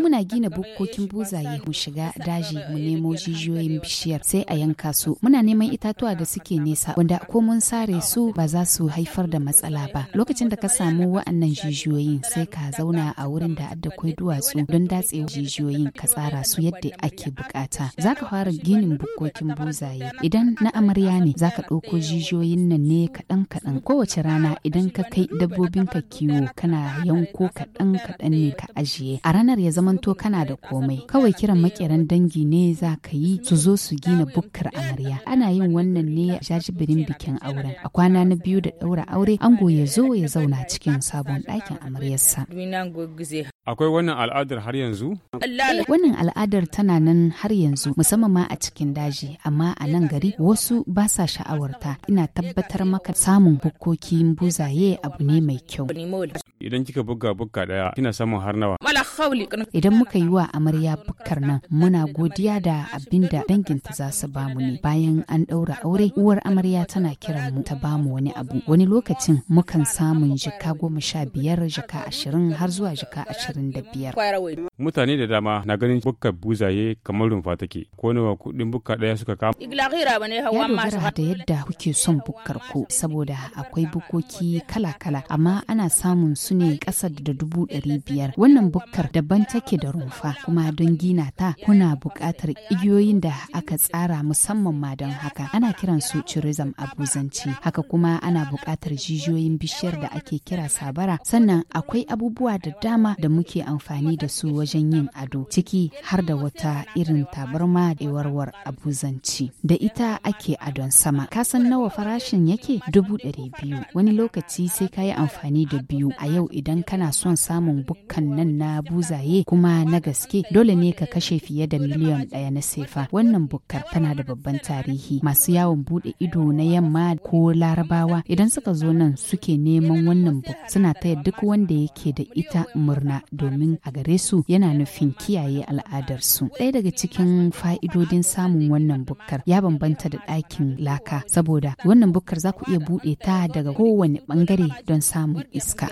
Muna gina bukkokin buzaye mu shiga daji mu nemo jijiyoyin bishiyar sai a yanka su. Muna neman itatuwa da suke nesa wanda ko mun sare su ba za su haifar da matsala ba. Lokacin da ka samu wa'annan jijiyoyin sai ka zauna a wurin da addakwai duwatsu don datse jijiyoyin ka tsara su yadda ake bukata. Za ka fara ginin bukkokin buzaye. Idan na amarya ne za ka ɗauko jijiyoyin nan ne kaɗan-kaɗan kowace rana idan ka kai dabbobinka kiwo kana yanko kaɗan-kaɗan ne ka ajiye. a ranar ya zamanto kana da komai kawai kiran makeran dangi ne za ka yi su zo su gina bukkar amarya ana yin wannan ne a jajibirin bikin auren a kwana na biyu da daura aure ango ya zo ya zauna cikin sabon ɗakin amaryarsa akwai wannan al'adar har yanzu wannan al'adar tana nan har yanzu musamman ma a cikin daji amma a nan gari wasu ba sa sha'awarta ina tabbatar maka samun bukkokin buzaye abu ne mai kyau idan kika buga buga daya kina samun har nawa idan muka yi wa amarya bukkar nan muna godiya da abinda da danginta za su bamu ne bayan an ɗaura aure uwar amarya tana kiran mu ta bamu wani abu wani lokacin mukan samun jika goma sha biyar jika ashirin har zuwa jika ashirin da biyar mutane da dama na ganin bukkar buzaye kamar rumfa take ko nawa kuɗin bukka daya suka kama ya dogara da yadda kuke son bukkar ku saboda akwai bukoki kala-kala amma ana samun su su ne ƙasa da dubu ɗari biyar wannan bukkar daban take da rumfa kuma don gina ta kuna buƙatar igiyoyin da aka tsara musamman ma don haka ana kiran su tourism a buzanci haka kuma ana buƙatar jijiyoyin bishiyar da ake kira sabara sannan akwai abubuwa da dama da muke amfani da su wajen yin ado ciki har da wata irin tabarma da warwar abuzanci da ita ake adon sama kasan nawa farashin yake dubu ɗari biyu wani lokaci sai ka yi amfani da biyu a yau yau idan kana son samun bukkan nan na buzaye kuma na gaske dole ne ka kashe fiye da miliyan ɗaya na sefa. Wannan bukkar tana da babban tarihi. Masu yawon bude ido na yamma ko larabawa idan suka zo nan suke neman wannan buk suna taya duk wanda yake da ita murna domin a gare su yana nufin kiyaye al'adarsu. Ɗaya daga cikin fa'idodin samun wannan bukkar ya bambanta da ɗakin laka saboda wannan bukkar za ku iya buɗe ta daga kowane ɓangare don samun iska.